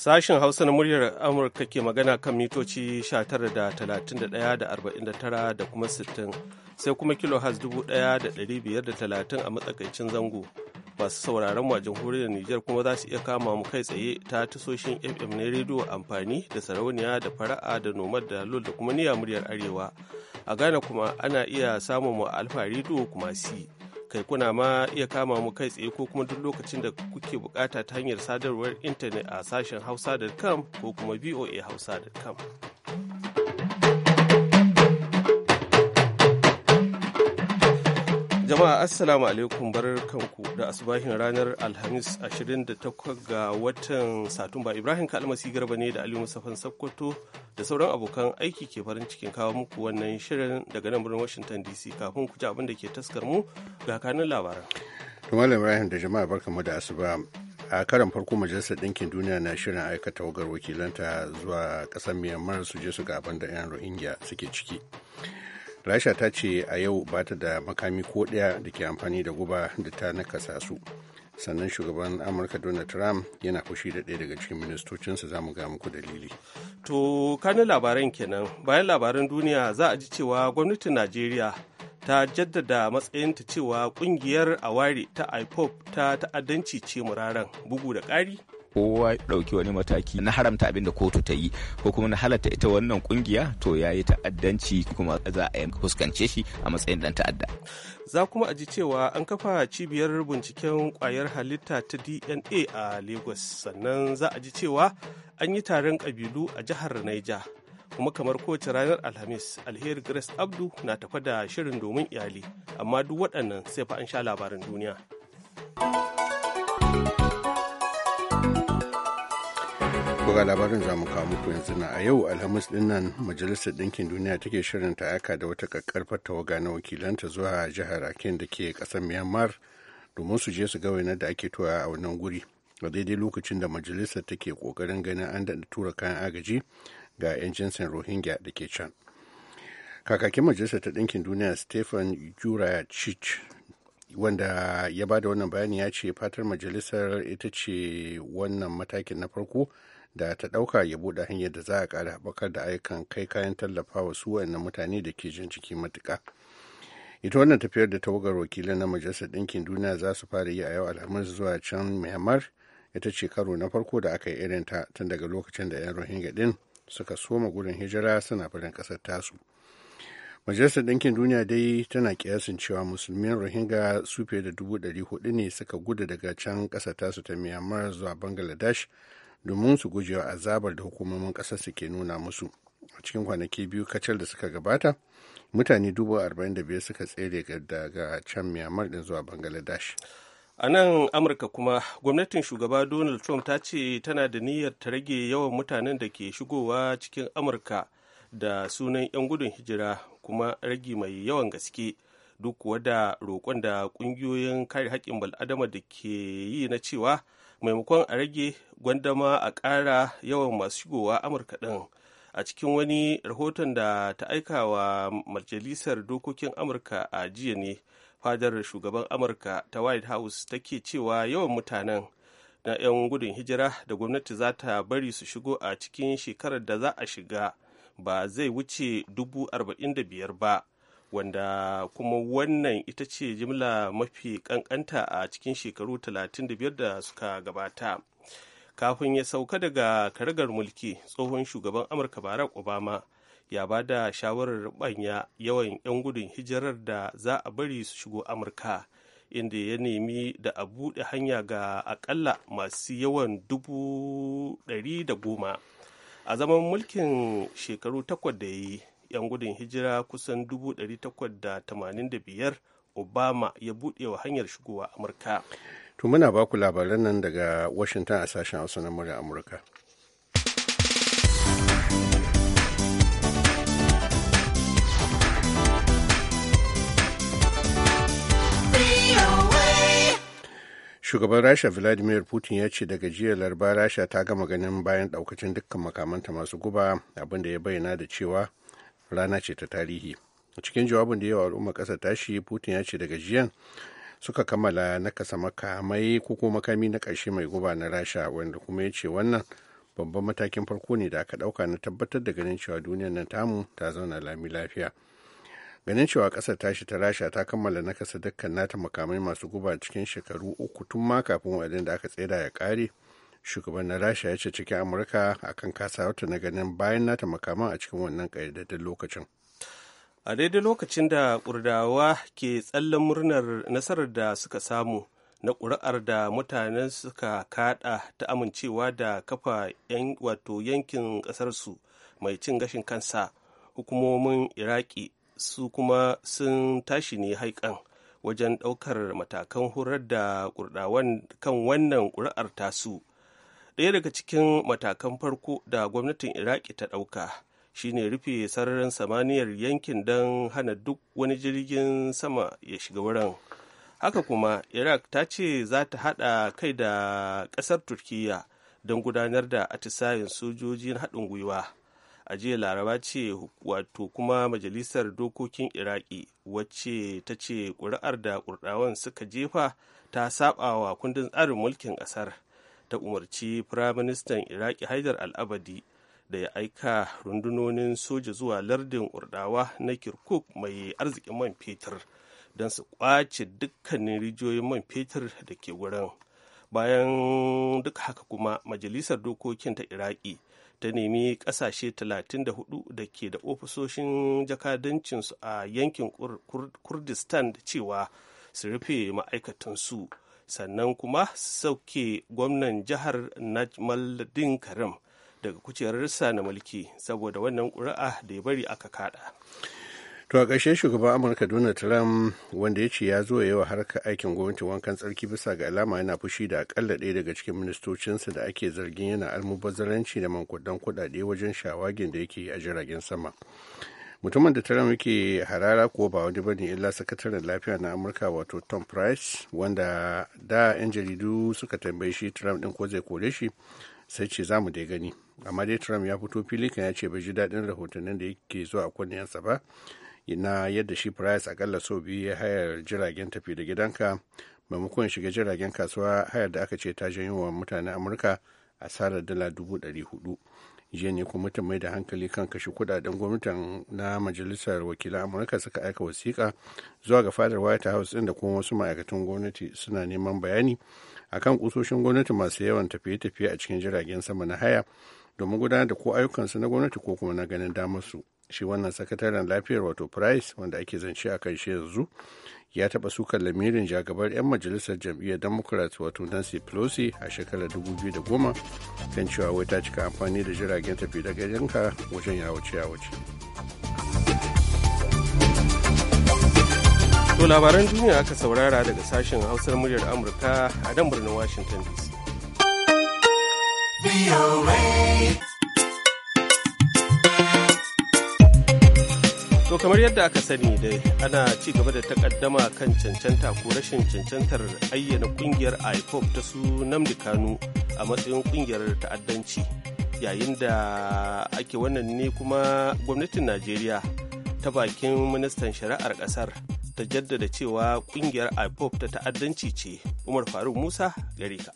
Sashen Hausa na muryar Amurka ke magana kan mitoci 19 da 31 da 49 da kuma 60 sai kuma kilohaz 1530 a matsakaicin zango. Masu sauraron mu a jamhuriyar Nijar kuma za su iya kama mu kai tsaye ta tasoshin FM na rediyo amfani da sarauniya da fara'a da nomad da lul da kuma niya muryar Arewa. A Ghana kuma ana iya samun mu a Alfa Rediyo kuma si. kai kuna ma iya kama mu kai tsaye ko kuma duk lokacin da kuke bukata ta hanyar sadarwar intanet a sashen hausa.com ko kuma voa hausa.com. Jama'a Assalamu alaikum barkanku da asubahin ranar Alhamis 28 ga watan Satumba Ibrahim Kalmasi Garba ne da Aliyu Musafan Sakkwato da sauran abokan aiki ke farin cikin kawo muku wannan shirin daga nan birnin Washington DC kafin ku ji abin da ke taskar mu ga kanun labaran. tumalin Ibrahim da jama'a barkanmu da asuba a karan farko majalisar ɗinkin duniya na shirin aikata tawagar wakilanta zuwa ƙasar Myanmar su je su ga abin da 'yan Rohingya suke ciki. rasha ta ce a yau ba ta da makami ko ɗaya da ke amfani da guba da ta nakasa su sannan shugaban amurka donald trump yana fushi da ɗaya daga cikin ministocinsa za mu ga muku dalili to kanin labaran kenan bayan labaran duniya za a ji cewa gwamnatin najeriya ta jaddada matsayinta cewa kungiyar aware ta ipop ta ta'addanci ce muraren bugu da ƙari kowa ɗauki wani mataki na haramta abin da kotu ta yi ko kuma na halatta ita wannan kungiya to ya yi ta'addanci kuma za a fuskance shi a matsayin ɗan ta'adda. Za kuma a ji cewa an kafa cibiyar binciken kwayar halitta ta DNA a Lagos sannan za a ji cewa an yi taron ƙabilu a jihar Niger. kuma kamar kowace ranar alhamis alheri grace abdu na tafa da shirin domin iyali amma duk waɗannan sai fa an sha labarin duniya. ku ga labarin zamu kamu ku yanzu na a yau alhamis dinnan majalisar ɗinkin duniya take shirin ta aika da wata kakkarfar tawaga na wakilanta zuwa jihar akin da ke ƙasar myanmar domin su je su ga wainar da ake toya a wannan guri a daidai lokacin da majalisar take ƙoƙarin ganin an daɗa tura kayan agaji ga 'yan jinsin rohingya da ke can kakakin majalisar ta ɗinkin duniya stephen jurachich wanda ya ba da wannan bayani ya ce fatar majalisar ita ce wannan matakin na farko da ta ɗauka ya buɗe hanyar da za a ƙara haɓakar da ayyukan kai kayan tallafawa su waɗannan mutane da ke jin ciki matuƙa. ita wannan tafiyar da tawagar wakilai na majalisar ɗinkin duniya za su fara yi a yau alhamis zuwa can myanmar ita ce karo na farko da aka yi irin ta tun daga lokacin da 'yan rohingya ɗin suka soma gudun hijira suna barin ƙasar tasu majalisar ɗinkin duniya dai tana kiyasin cewa musulmin rohingya su fiye da dubu ɗari hudu ne suka gudu daga can ƙasar tasu ta myanmar zuwa bangladesh domin su gujewa azabar da hukumomin ƙasar su ke nuna musu a cikin kwanaki biyu kacal da suka gabata mutane dubu arba'in da biyar suka tsere daga can myanmar din zuwa bangladesh a nan amurka kuma gwamnatin shugaba donald trump ta ce tana da niyyar ta rage yawan mutanen da ke shigowa cikin amurka da sunan 'yan gudun hijira kuma rage mai yawan gaske duk kuwa da roƙon da ƙungiyoyin kare haƙƙin bal'adama da ke yi na cewa maimakon a rage gwandama a ƙara yawan masu shigowa amurka ɗin a cikin wani rahoton da ta aika wa majalisar dokokin amurka a jiya ne fadar shugaban amurka ta white house take cewa yawan mutanen na 'yan gudun hijira da gwamnati za ta bari su shigo a cikin shekarar da za a shiga ba zai wuce dubu arba'in da biyar ba wanda kuma wannan ita ce jimla mafi kankanta a cikin shekaru 35 da suka gabata kafin ya sauka daga karagar mulki tsohon shugaban amurka barack obama ya ba da shawarar banya yawan 'yan gudun hijirar da za a bari su shigo amurka inda ya nemi da a buɗe hanya ga akalla masu yawan dubu ɗari da goma a zaman mulkin shekaru takwas da ya yi 'yan gudun hijira kusan 885 obama ya buɗe wa hanyar shigowa amurka to muna baku labaran nan daga washington a sashen hausa na murya amurka shugaban rasha vladimir putin ya ce daga jiya larba rasha ta gama ganin bayan daukacin dukkan makamanta masu guba abinda ya bayyana da cewa rana ce ta tarihi cikin jawabin da yawa al'umma ƙasa tashi putin ya ce da gajiyan suka kammala nakasa makamai ko kuma makami na ƙarshe mai guba na rasha wanda kuma ya ce wannan babban matakin farko ne da aka ɗauka na tabbatar da ganin cewa duniyar nan tamu ta zauna lami lafiya ganin cewa ƙasar tashi ta rasha ta kammala nakasa dukkan nata makamai masu guba cikin shekaru uku tun ma kafin wadanda aka tseda ya ƙare shugaban na rasha ya ce cikin amurka akan wata na ganin bayan nata makaman a cikin wannan ƙayyadaddun lokacin a daidai lokacin da kurdawa ke tsallen murnar nasarar da suka samu na ƙuri'ar da mutanen suka kaɗa ta amincewa da kafa wato yankin ƙasarsu mai cin gashin kansa hukumomin iraki su kuma sun tashi ne haikan wajen ɗaukar matakan horar da kurdawan kan wannan ƙuri'ar tasu ɗaya daga cikin matakan farko da gwamnatin iraki ta ɗauka shine rufe sararin samaniyar yankin don hana duk wani jirgin sama ya shiga wurin haka kuma iraq ta ce za ta haɗa kai da ƙasar turkiyya don gudanar da atisayen sojojin haɗin gwiwa a jiya laraba ce wato kuma majalisar dokokin iraki wacce ta ce ƙuri'ar da ƙurɗawan suka jefa ta saɓa wa kundin tsarin mulkin ƙasar ta umarci firaministan iraki haidar al'abadi da ya aika rundunonin soja zuwa lardin urdawa na kirkuk mai arzikin man fetur don su kwace dukkanin rijiyoyin man fetur da ke wurin bayan duk haka kuma majalisar dokokin ta iraki ta nemi kasashe 34 da ke da ofisoshin jakadancinsu a yankin kurdistan da cewa su rufe ma'aikatansu sannan kuma sauke gwamnan jihar najmaldin karim daga kujerarsa na mulki saboda wannan ƙuri'a da ya bari aka kada to a ƙarshe shugaban amurka donald trump wanda ya ce ya zo yawa harka aikin gwamnati wankan tsarki bisa ga alama yana fushi da akalla ɗaya daga cikin ministocinsa da ake zargin yana almubazzaranci da mankudan kuɗaɗe wajen shawagin da yake a jiragen sama mutumin da taron yake harara ko ba wani bane illa sakataren lafiya na amurka wato tom price wanda da 'yan jaridu suka tambaye shi trump din ko zai kore shi sai ce za mu dai gani amma dai trump ya fito fili kan ya ce bai ji daɗin rahotannin da yake zuwa a kunniyansa ba na yadda shi price akalla sau biyu ya hayar jiragen tafi da gidanka maimakon shiga jiragen kasuwa hayar da aka ce ta janyo wa mutanen amurka asarar dala dubu ɗari hudu jiya ne kuma ta mai da hankali kan kashe kudaden gwamnatin na majalisar wakilan amurka suka aika wasiƙa zuwa ga fadar white house inda kuma wasu ma'aikatan gwamnati suna neman bayani a kan kusoshin gwamnati masu yawan tafiye-tafiye a cikin jiragen sama na haya domin gudanar da ko ayyukansu na gwamnati ko kuma na ganin damar su shi wannan sakataren lafiyar wato price wanda ake zance a kan shi yanzu ya taɓa sukar lamirin jagabar 'yan majalisar jam'iyyar democrat wato nancy pelosi a shekarar 2010 kan cewa wai ta cika amfani da jiragen tafi da yanka wajen yawace-yawace to labaran duniya aka saurara daga sashen hausar muryar amurka a dan birnin washington dc To kamar yadda aka sani dai ana ci gaba da takaddama kan cancanta ko rashin cancantar ayyana kungiyar IPOP ta su Namdi Kanu a matsayin kungiyar ta'addanci yayin da ake wannan ne kuma gwamnatin Najeriya ta bakin ministan shari'ar kasar ta jaddada cewa kungiyar IPOP ta ta'addanci ce Umar Faruk Musa gare ka.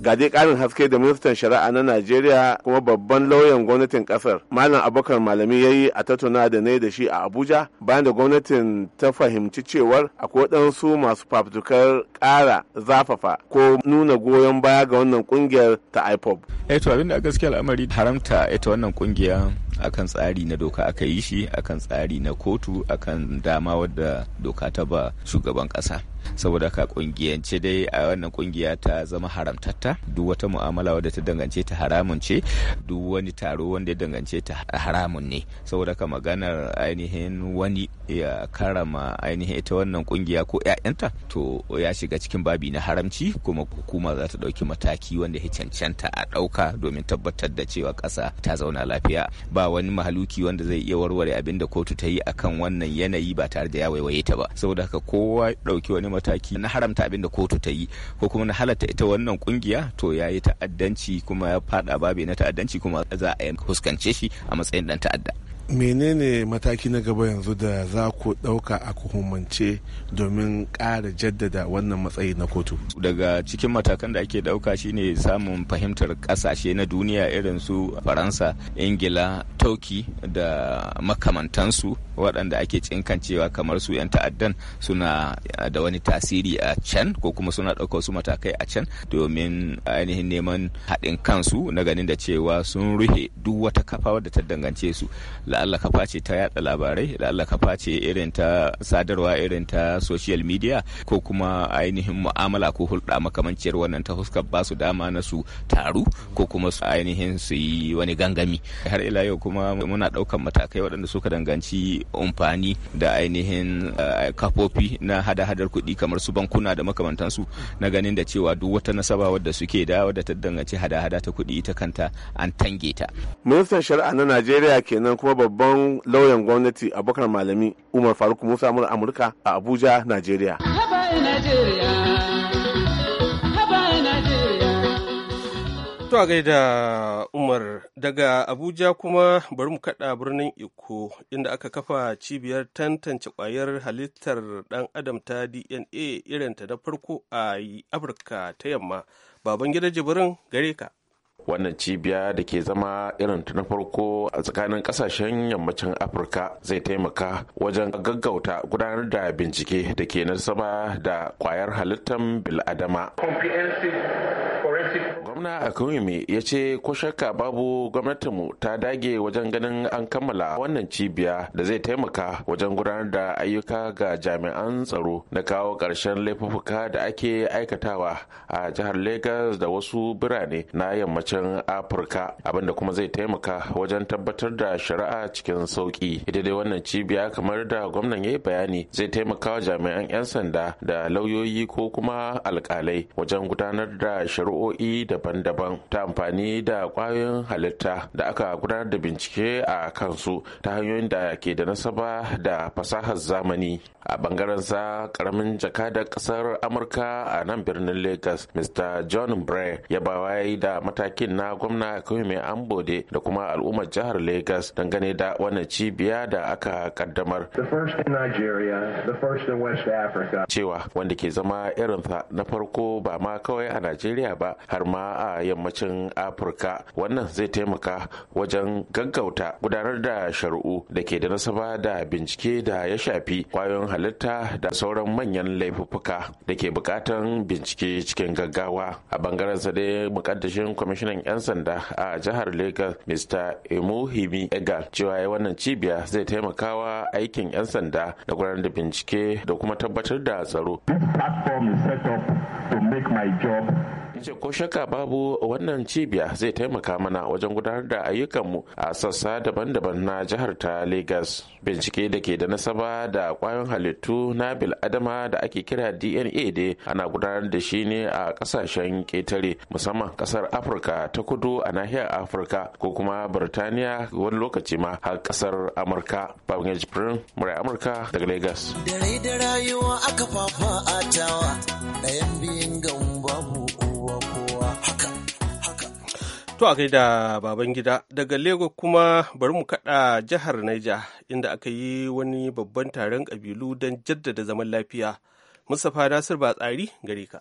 ga dai karin haske da ministan shari'a na najeriya kuma babban lauyan gwamnatin kasar malam abokan malami yayi a tattauna da ne da shi a abuja bayan da gwamnatin ta fahimci cewar akwai ɗansu masu fafutukar ƙara zafafa ko nuna goyon baya ga wannan kungiyar ta ipob eh to abinda gaskiya al'amari haramta ita wannan kungiya akan tsari na doka aka yi shi akan tsari na kotu akan dama wadda doka ta ba shugaban ƙasa saboda ka kungiyance dai a wannan kungiya ta zama haramtatta duk wata mu'amala wadda ta dangance ta haramun ce duk wani taro wanda ya dangance ta haramun ne saboda ka maganar ainihin wani ya karama ainihin ita wannan kungiya ko ƴaƴanta, to ya shiga cikin babi na haramci kuma hukuma za ta ɗauki mataki wanda ya cancanta a ɗauka domin tabbatar da cewa ƙasa ta zauna lafiya ba wani mahaluki wanda zai iya warware abinda kotu ta yi akan wannan yanayi ba tare da ya waiwaye ta ba saboda haka kowa ɗauki wani mataki mataki na haramta abin da kotu ta yi ko kuma na halatta ita wannan kungiya to ya yi ta'addanci kuma ya fada babu na ta'addanci kuma za a huskance shi a matsayin dan ta'adda menene mataki na gaba yanzu da za ku ɗauka a kuhumance domin ƙara jaddada wannan matsayi na kotu daga cikin matakan da ake ɗauka shine samun fahimtar kasashe na duniya irin su faransa ingila tauki da makamantansu waɗanda ake cinkancewa kamar su 'yan ta'addan suna da wani tasiri a can ko kuma suna ɗaukar su matakai a can domin ainihin neman haɗin kansu na ganin da cewa sun ruhe duk wata kafa da ta dangance su Da Allah ka face ta yada labarai da Allah ka face irin ta sadarwa irin ta social media ko kuma ainihin mu'amala ko hulɗa makamanciyar wannan ta fuska ba su dama na su taru ko kuma su ainihin su yi wani gangami har ila yau kuma muna ɗaukan matakai waɗanda suka danganci amfani da ainihin eh, kafofi na hada-hadar kuɗi kamar su bankuna da makamantansu na ganin da cewa duk wata nasaba wadda suke da wadda ta danganci hada-hada ta kuɗi ita kanta an tange ta. ministan shari'a na najeriya kenan kuma ba. babban lauyan gwamnati a bakar malami umar faruk musa mura amurka a abuja nigeria To a gaida Umar daga Abuja kuma bari mu kaɗa birnin Iko inda aka kafa cibiyar tantance kwayar halittar ɗan adam ta DNA irinta na farko a Afirka ta yamma. Baban gida jibirin gare ka. wannan cibiya da ke zama irin na farko a tsakanin kasashen yammacin afirka zai taimaka wajen gaggauta gudanar da bincike da ke nasaba da kwayar halittar bil'adama gwamna akume ya ce ko shakka babu gwamnatinmu ta dage wajen ganin an kammala wannan cibiya da zai taimaka wajen gudanar da ayyuka ga jami'an tsaro na kawo ƙarshen laifuffuka da ake aikatawa a jihar lagos da wasu birane na yammacin afirka abinda kuma zai taimaka wajen tabbatar da shari'a cikin sauki ita dai wannan cibiya kamar da gwamnan ya yi bayani zai taimaka wa jami'an 'yan sanda da lauyoyi ko kuma alkalai wajen gudanar da shari'o'i nau'i daban-daban ta amfani da kwayoyin halitta da aka gudanar da bincike a kansu ta hanyoyin da ke da nasaba da fasahar zamani a bangaren sa karamin jakadar kasar amurka a nan birnin lagos mr john bray ya bawa da matakin na gwamna mai ambode da kuma al'ummar jihar lagos dangane da wannan cibiya da aka kaddamar cewa wanda ke zama irinsa na farko ba ma kawai a najeriya ba har ma a yammacin afirka wannan zai taimaka wajen gaggauta gudanar da shari'u da ke da nasaba da bincike da ya shafi kwayoyin halitta da sauran manyan laifuffuka da ke bukatan bincike cikin gaggawa a bangaren sa dai mukaddashin kwamishinan 'yan sanda a jihar Legas mr imuhimi egal cewa ya wannan cibiya zai taimakawa aikin 'yan sanda da gudanar da bincike da kuma tabbatar da tsaro. my job ce ko shakka babu wannan cibiya zai taimaka mana wajen gudanar da ayyukanmu a sassa daban-daban na jihar ta Legas. Bincike da ke da nasaba da kwayoyin halittu na bil'adama da ake kira DNA dai ana gudanar da shi ne a kasashen ketare musamman kasar Afirka ta kudu a nahiyar Afirka ko kuma Birtaniya wani lokaci ma har kasar Amurka. Babangida Amurka daga Legas. Dare da rayuwa aka fafa atawa, ɗayan biyun gawa. To a gaida baban gida daga Lagos kuma bari mu kada jihar Naija inda aka yi wani babban taron kabilu don jaddada zaman lafiya. Mustapha Nasir Batsari gare ka.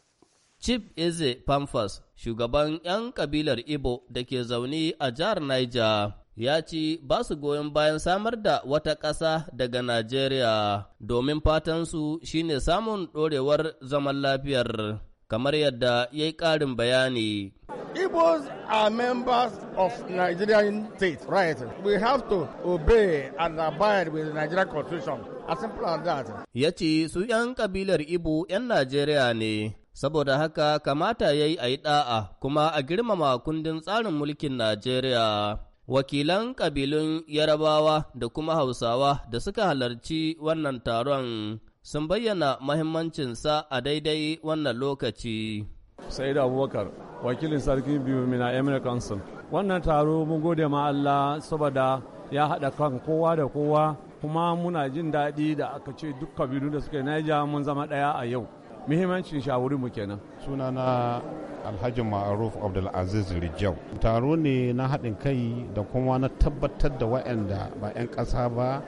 Chief Eze Pamphas, shugaban 'yan kabilar Ibo da ke zaune a jihar Naija, ya ci ba su goyon bayan samar da wata ƙasa daga Najeriya domin fatan su shine samun ɗorewar zaman lafiyar, kamar yadda ya yi ƙarin bayani. Igbos are members of Nigerian state, right? We have to obey and abide with Nigerian constitution. As simple as that. Ya ce su 'yan kabilar Ibo 'yan Najeriya ne, saboda haka kamata ya yi a yi ɗa'a kuma a girmama kundin tsarin mulkin Najeriya. Wakilan kabilun Yarabawa da kuma Hausawa da suka halarci wannan taron sun bayyana mahimmancinsa a daidai wannan lokaci. Sai da Abubakar wakilin sarkin biyu mina emir council wannan taro mun gode ma allah saboda ya haɗa kan kowa da kowa kuma muna jin daɗi da aka ce duk kabilu da suke naija mun zama ɗaya a yau muhimmancin shawuri mu kenan sunana alhaji ma'aruf abdulaziz rijau taro ne na haɗin kai da kuma na tabbatar da wa'anda ba 'yan ƙasa ba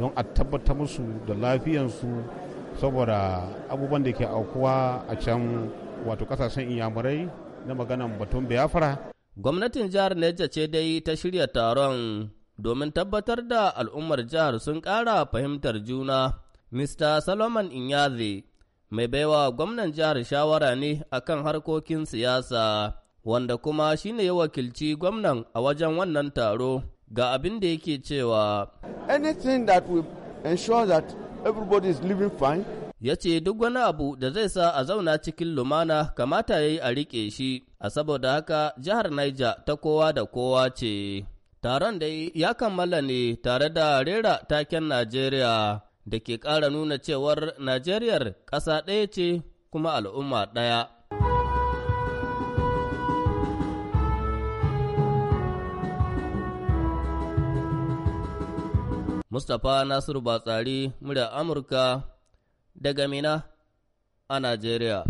don a tabbatar musu da lafiyansu saboda abubuwan da ke aukuwa a can wato ƙasashen iyamurai na maganan batun Biafra. Gwamnatin jihar Neja ce dai ta shirya taron domin tabbatar da al'ummar jihar sun kara fahimtar juna. Mr. Solomon Inyazi, mai baiwa gwamnan jihar shawara ne akan harkokin siyasa, wanda kuma shine ya wakilci gwamnan a wajen wannan taro ga abin da yake cewa. Anything that will ensure that everybody is living fine ya ce duk wani abu da zai sa a zauna cikin lumana kamata ya yi a riƙe shi, a saboda haka jihar Niger ta kowa da kowa ce. Taron da ya kammala ne tare da rera taken Najeriya da ke ƙara nuna cewar Najeriyar ƙasa ɗaya ce kuma al'umma ɗaya. Mustapha Nasiru Batsari, murya Amurka daga Mina a Najeriya.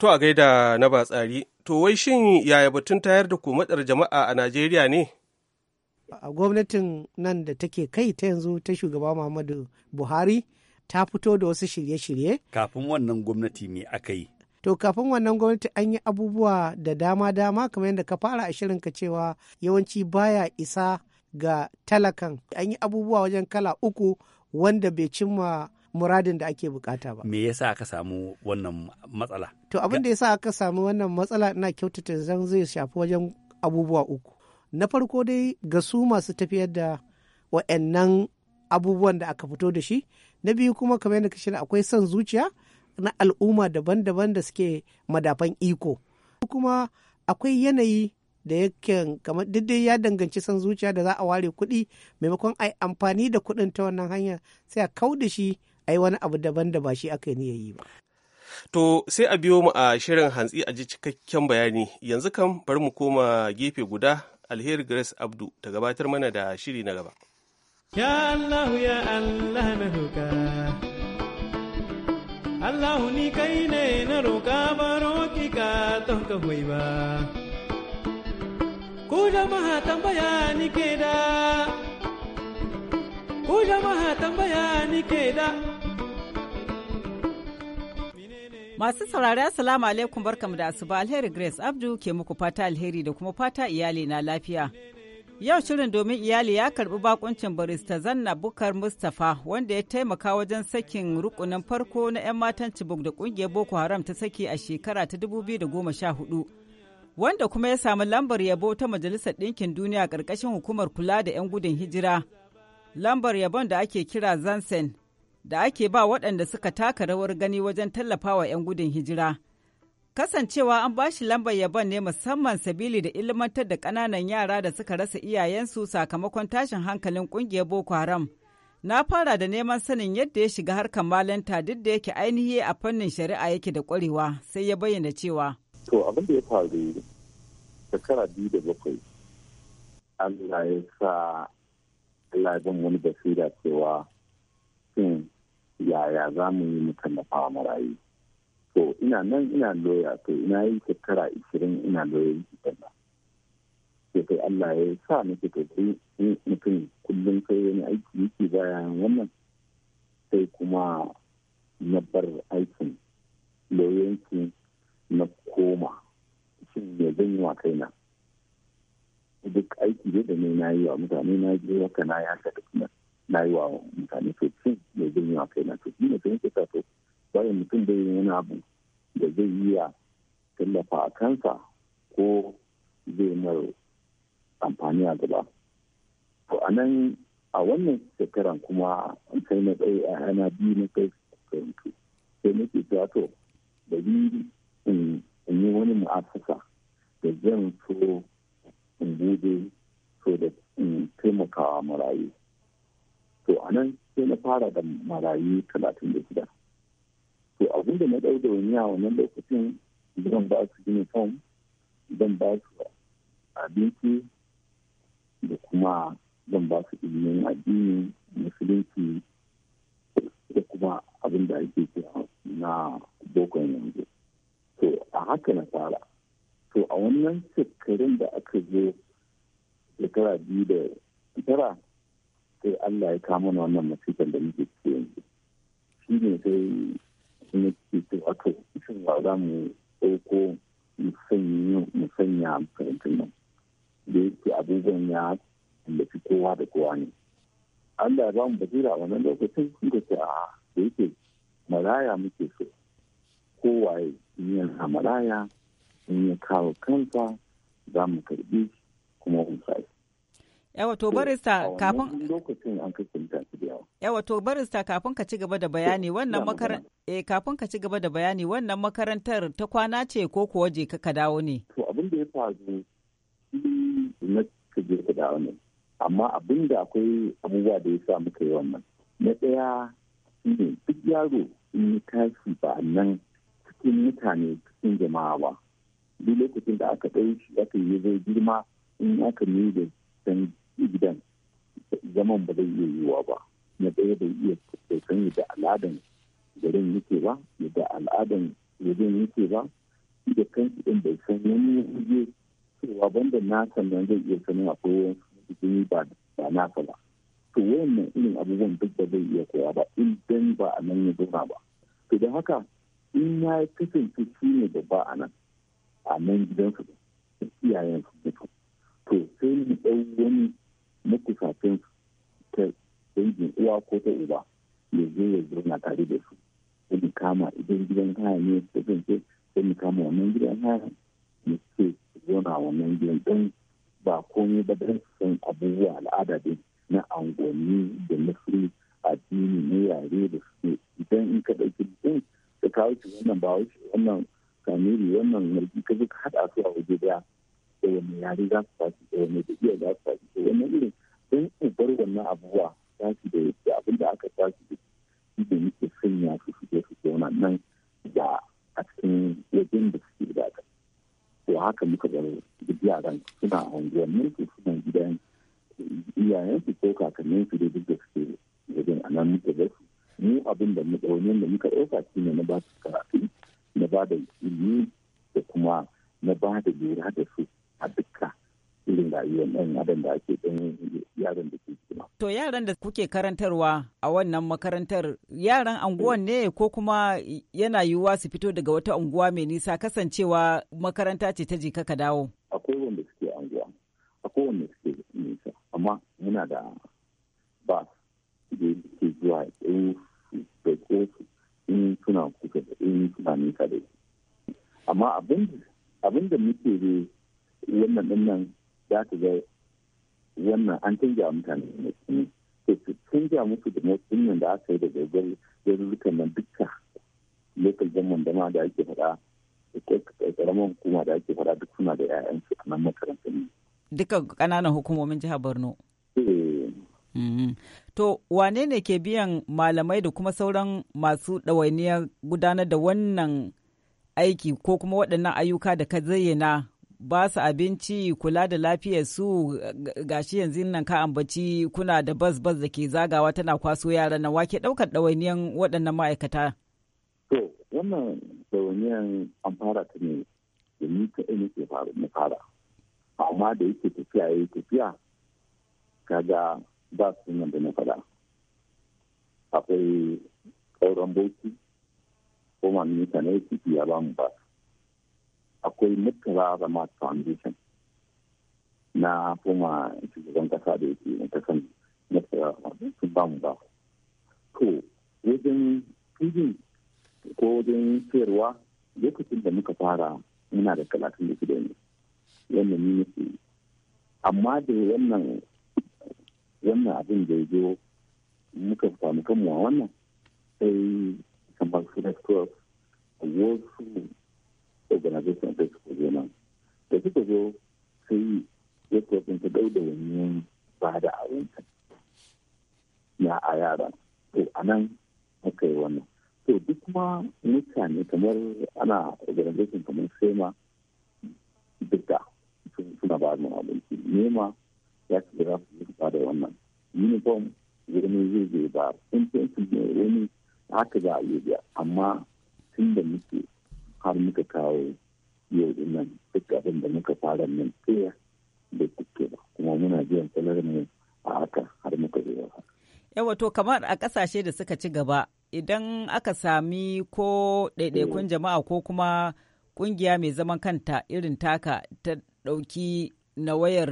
To a gaida na batsari, to wai shin yaya batun tayar da matsar jama'a a Najeriya ne? A gwamnatin nan da take kai ta yanzu ta shugaba Muhammadu Buhari ta fito da wasu shirye-shirye. Kafin wannan gwamnati me aka yi? To kafin wannan gwamnati an yi abubuwa da dama-dama kamar yadda ka fara a ka cewa yawanci baya isa ga talakan. An yi abubuwa wajen kala uku wanda bai cimma muradin da ake bukata ba. Me yasa aka samu wannan matsala? To abin da yasa aka samu wannan matsala ina kyautata zan zai shafi wajen abubuwa uku. Na farko dai ga su masu tafiyar da wa'annan abubuwan da aka fito da shi. Na biyu kuma kamar yadda kashin akwai son zuciya na al'umma daban-daban da suke madafan iko. Kuma akwai yanayi da yake kamar daidai ya danganci san zuciya da za a ware kuɗi maimakon ai amfani da kuɗin ta wannan hanyar sai a kau da shi ai wani abu daban da ba shi aka yi ba To sai a biyo mu a shirin hantsi a ji cikakken bayani yanzu kan bari mu koma gefe guda alheri Grace Abdu ta gabatar mana da shiri na gaba. Ya Allah ya Allah na roka Allah ni kai ne na roka baro ki ka ton ka hoi ba. Ku jama'a tambaya ni ke da, ku jama'a tambaya ni ke da. Masu saurari Assalamu alaikum barkamu da asuba alheri Grace Abdu ke muku fata alheri da kuma fata iyali na lafiya. Yau shirin domin iyali ya karbi bakuncin barista zanna bukar Mustapha wanda ya taimaka wajen sakin rukunin farko na 'yan matan Cibok da kungiyar Boko Haram ta saki a shekara ta 2014. Wanda kuma ya samu lambar yabo ta Majalisar Ɗinkin Duniya ƙarƙashin hukumar kula da 'yan gudun hijira. Lambar yabon da ake kira Zansen da ake ba waɗanda suka taka rawar gani wajen tallafawa 'yan gudun hijira. Kasancewa an ba shi lambar yabon ne musamman sabili da ilmantar da ƙananan yara da suka rasa iyayensu sakamakon tashin hankalin ƙungiyar Boko Haram. Na fara da neman sanin yadda ya shiga harkar malanta duk da yake ainihi a fannin shari'a yake da ƙwarewa sai ya bayyana cewa. To abin da ya faru shekara biyu da bakwai Allah ya sa Allah ya wani basira cewa ɗin yaya za mu yi mu tallafa marayu to ina nan ina loya to ina yi shekara ishirin ina loya shekara sai kai Allah ya sa nake to kai mutum kullum kai wani aiki yake bayan wannan sai kuma na bar aikin loyanci na koma shin me zan yi wa kaina duk aiki da na yi wa mutane na je haka na ya da kuma na yi wa mutane to cin mai zan yi kai na to shi ne sun to bayan mutum bai yi wani abu da zai iya tallafa a kansa ko zai mar amfani a gaba to a nan a wannan shekaran kuma sai na tsaye a hana biyu na kai karantu sai na ke cewa to da bi in yi wani mu'asasa da zan so in bude so da in taimakawa marayu to a nan sai na fara da marayu talatin da shida to abin da na ɗau da wani a wannan lokacin zan ba su uniform zan ba su abinci da kuma zan ba su ilimin addini musulunci da kuma abin da ake kira na bokon yanzu to a haka na fara to a wannan shekarun da aka zo shekara biyu da ya kama mana wannan masifar da muke ciki yanzu shi ne sai kuma ke cewa to shin ba za mu ɗauko mu sanya makarantun nan da yake abubuwan ya tallafi kowa da kowa ne Allah ya ba mu basira wannan lokacin sun ka ce a da yake maraya muke so kowaye in yana maraya in yi kawo kansa za mu karbi kuma mu sai. Yawa to barista kafin Yawa to barista kafin ka ci gaba da bayani wannan makarantar eh, kafin ka ci gaba da bayani wannan makarantar ta kwana ce ko kuwa je ka dawo ne. To abin da ya faru na ka je ka dawo ne. Amma abin da akwai abubuwa da ya sa muka yi wannan. Na daya ne duk yaro in ya tashi ba nan cikin mutane cikin jama'a ba. Duk lokacin da aka ɗau shi aka yi zai girma in aka ne da gidan zaman ba zai iya yiwuwa ba. na ɗaya bai iya san yadda al'adan garin yake ba yadda al'adan wajen yake ba da kansu ɗin bai san wani waje cewa banda nasa nan zai iya sanin akwai wani jini ba nasa ba to wannan irin abubuwan duk da zai iya koya ba in dan ba a nan ya zauna ba to da haka in ya kasance shi ne babba a nan a nan gidansu da iyayen su mutu to sai mu ɗau wani makusafinsu ta dangin uwa ko ta uba ya zo ya zauna tare da su ko mu kama idan gidan haya ne ta zance ko mu kama wannan gidan haya ne ce zauna wannan gidan don ba komai ba don san abubuwa al'ada din na angoni da nufi addini na yare da suke idan in ka ɗauki din ka kawo shi wannan ba wai wannan kamiri wannan mai ka ka haɗa su a waje daya da wani yare za su fashi da wani da iya za su fashi da wani irin don ubar wannan abubuwa tashi da abin da aka tashi da shi da muke sanya su su je su zauna nan da a cikin wajen da suke da ka to haka muka ga duk yaran suna unguwannin su suna gidan iyayen su ko kakannin su da duk da suke wajen a nan muka ga su mu abin da wani da muka ɗauka shi ne na ba su karatu na ba da ilimi da kuma na ba da lura da su a dukka irin rayuwar ɗan abin da ake ɗan yaran da ke cikin. To yaran da kuke karantarwa a wannan makarantar yaran anguwan ne ko kuma yana yiwuwa su fito daga wata unguwa mai nisa kasancewa makaranta ce ta jika ka dawo. Akwai wanda suke anguwa, akwai wanda suke nisa, amma muna da ba da ke zuwa ɗin da kofi in suna kusa da in suna nisa da Amma abin da muke wannan ɗin za ta ga wannan an canja wa mutane motsi to su canja musu da motsin nan da aka yi da gagar garurrukan nan duka lokacin government da da ake karamar hukuma da ake fada duk suna da 'ya'yansu a nan makarantar ne. Duka kananan hukumomin jihar Borno. Eh. Mm-hmm. To wane ne ke biyan malamai da kuma sauran masu ɗawainiyar gudanar da wannan aiki ko kuma waɗannan ayyuka da ka zayyana ba su abinci kula da lafiyar su gashi yanzu nan ka ambaci kuna da bas bas da ke zagawa tana kwaso yara na wake daukar ɗawainiyan waɗannan ma'aikata. To wannan ɗawainiyan an fara ta ne da ni ta ne ke faru na fara amma da yake tafiya yi tafiya kaga ba su nan da na faɗa akwai ƙauran boki ko ma mutane ya ba mu ba akwai murtala mass foundation na kuma shugaban kasa da yake na kasan murtala sun ba mu ba to wajen fijin ko wajen sayarwa lokacin da muka fara muna da talatin da shida ne wannan ni nufi amma da wannan wannan abin da ya zo muka samu kanmu a wannan sai kamar su da wasu organization da suka zo nan da suka zo sai ya kwatanta dau da wani ba da abinci na a yara to a nan aka yi wannan to duk ma mutane kamar ana organization kamar sema duka suna ba da abinci nema ya ci da su ba da wannan uniform wani zai zai ba sun fi wani haka za a yi biya amma tun da muke har muka kawo yau din nan duk abin da muka fara nan tsaye da kuke ba kuma muna biyan salarin ne a haka har muka zo haka. Yawa to kamar a kasashe da suka ci gaba idan aka sami ko ɗaiɗaikun eh. jama'a ko kuma ƙungiya mai zaman kanta irin taka ta ɗauki na wayar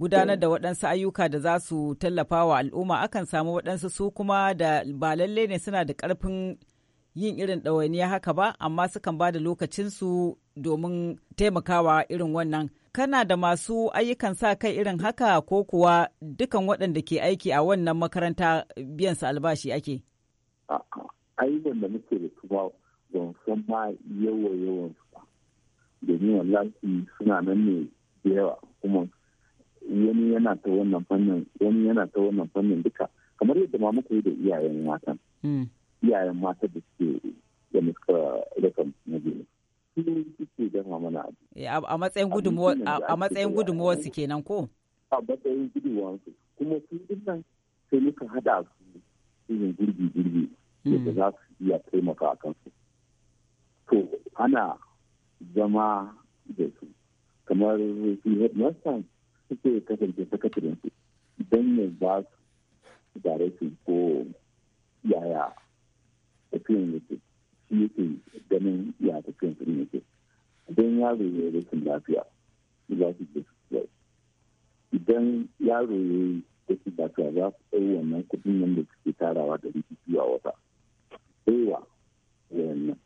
gudanar da eh. waɗansu ayyuka da za su tallafa wa al'umma akan samu waɗansu su kuma da ba lalle ne suna da ƙarfin yin irin ɗawainiya haka ba amma sukan ba da lokacinsu domin taimakawa irin wannan kana da masu ayyukan sa kai irin haka ko kuwa dukan waɗanda ke aiki a wannan makaranta biyan su albashi ake ayyukan da muke da kuma ban san ma yawa yawan su ba domin wallahi suna nan ne da yawa kuma wani yana ta wannan fannin wani yana ta wannan fannin duka kamar yadda ma muka yi da iyayen matan hmm. iyayen mata da suke da muka rikon na gini suke gama mana abu eh, a matsayin gudunmuwa a matsayin gudunmuwa su kenan ko a matsayin gudunmuwa su kuma su dinnan sai muka hada su yin gurbi gurbi hmm. da za su iya taimaka a kansu to ana zama da su kamar su headmaster suke kasance sakatarinsu don ya ba su su ko yaya tafiyan yake shi yake ganin ya tafiyan kudin yake idan yaro ya yi rashin lafiya za su je su idan yaro ya yi rashin lafiya za su tsaye wannan kudin nan da suke tarawa da rikici a wata baiwa wannan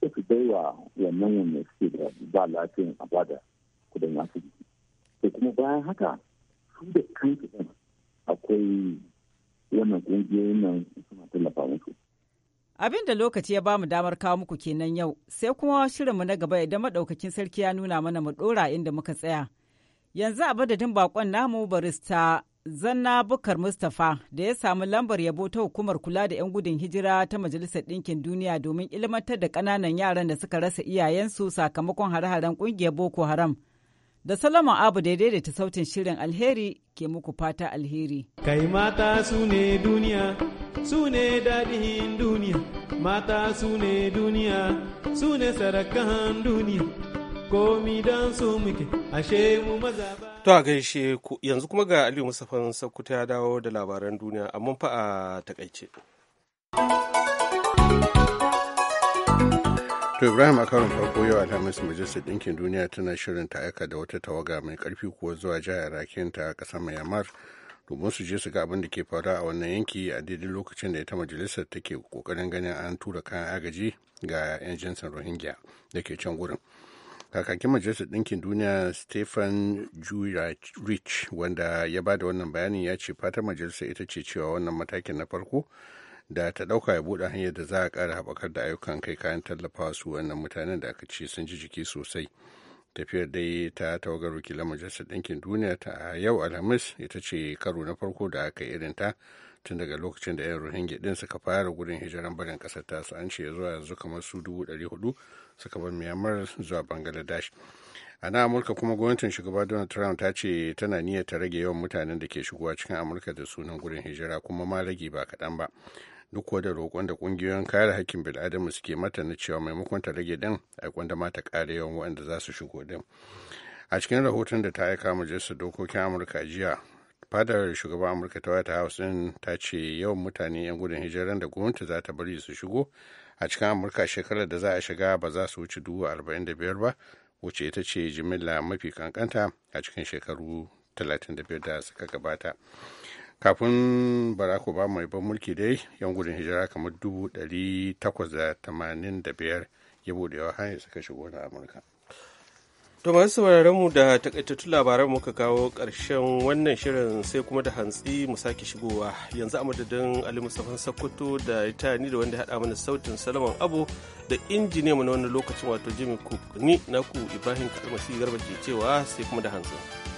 da su baiwa wannan wannan suke da ba lafiyan a bada kudin asibiti da kuma bayan haka su da kansu akwai wannan kungiyoyin nan suna tallafa musu Abin da lokaci ya bamu damar kawo muku kenan yau, sai kuma shirinmu na gaba idan maɗaukakin sarki ya nuna mana mu ɗora inda muka tsaya. Yanzu a madadin bakon namu barista Zanna Bukar Mustapha da ya samu lambar yabo ta hukumar kula da 'yan gudun hijira ta Majalisar Ɗinkin Duniya domin ilmantar da ƙananan yaran da suka rasa iyayensu sakamakon hare-haren ƙungiyar Boko Haram. da Solomon Abu daidai da ta sautin shirin alheri ke muku fata alheri. Kai mata su ne duniya, su ne daɗin duniya mata su ne duniya su ne sarakan duniya komi don su muke ashe mu maza ba to a gaishe yanzu kuma ga aliyu musafan sakkuta ya dawo da labaran duniya amma fa a takaice to ibrahim a farko yau alhamis majalisar ɗinkin duniya tana shirin ta aika da wata tawaga mai ƙarfi kuwa zuwa jihar rakin ta ƙasar myanmar domin su je su ga abin da ke faruwa a wannan yanki a daidai lokacin da ita majalisar take kokarin ganin an tura kayan agaji ga 'yan jinsin rohingya da ke can gurin kakakin majalisar ɗinkin duniya stephen rich wanda ya ba da wannan bayanin ya ce fata majalisar ita ce cewa wannan matakin na farko da ta ɗauka ya buɗe hanyar da za a ƙara haɓakar da ayyukan kai kayan tallafawa su wannan mutanen da aka ce sun ji jiki sosai tafiyar dai ta tawagar wakilan majalisar ɗinkin duniya ta yau alhamis ita ce karo na farko da aka irin ta tun daga lokacin da 'yan rohingya din suka fara gudun hijiran barin ƙasar ta su an ce zuwa yanzu kamar su dubu ɗari hudu suka bar myanmar zuwa bangladesh a nan amurka kuma gwamnatin shugaba donald trump ta ce tana niyyar ta rage yawan mutanen da ke shigowa cikin amurka da sunan gudun hijira kuma ma rage ba kaɗan ba duk da roƙon da ƙungiyoyin kare haƙƙin bil'adama suke mata na cewa maimakon ta rage din a kwanda mata ƙare yawan waɗanda za su shigo din a cikin rahoton da ta aika majalisar dokokin amurka jiya fadar shugaban amurka ta white house din ta ce yawan mutane 'yan gudun hijiran da gwamnati za ta bari su shigo a cikin amurka shekarar da za a shiga ba za su wuce dubu arba'in da biyar ba wuce ita ce jimilla mafi kankanta a cikin shekaru talatin da biyar da suka gabata kafin barack obama ya ban mulki dai yan gudun hijira kamar dubu ɗari takwas da tamanin da biyar ya yawa hanyar suka shigo na amurka to masu sauraron mu da takaitattun labaran muka kawo ƙarshen wannan shirin sai kuma da hantsi mu sake shigowa yanzu a madadin ali musafan sakkwato da ita ni da wanda haɗa mana sautin salaman abu da injiniya mu na wannan lokacin wato jimmy cook ni naku ibrahim kalmasi garba ke cewa sai kuma da hantsi